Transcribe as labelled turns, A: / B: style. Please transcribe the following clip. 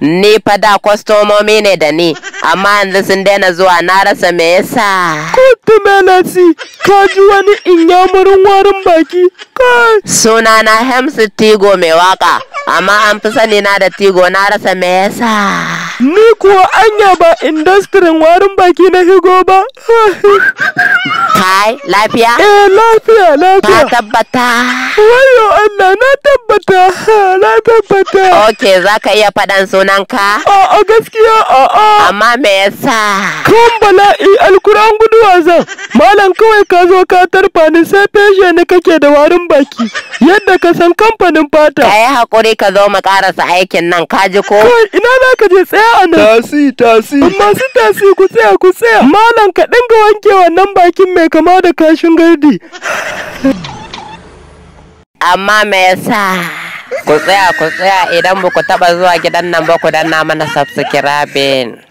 A: Ni fa da kwastomomi ne da ni, amma yanzu sun daina zuwa na rasa me yasa. Kudu melasi, ka ji wani inyamurin warin baki, kai. Suna na Hemsi Tigo mai waka, amma an fi sani na da Tigo na rasa me yasa. Ni kuwa anya ba industirin warin baki na higo ba. Kai, lafiya? Eh, lafiya, lafiya. Ka tabbata. Wayo Allah, na tabbata, na tabbata. Ok, za ka iya faɗan sunanka? A'a, gaskiya a'a. Amma me yasa? Bala i alquran guduwa zan. Malam kawai ka zo ka tarfa ni sai feshe ne kake da warin baki. kamfanin fata. Ka yi haƙuri ka zo mu ƙarasa aikin nan ka ji ko?
B: Ina za ka je tsaya a nan? Tasi tasi. Masu tasi ku tsaya ku tsaya. Malam ka dinga wanke wannan bakin mai kama da kashin gardi.
A: Amma me yasa? ku tsaya ku tsaya idan ba ku taɓa zuwa gidan nan ba ku
C: danna mana subscribing.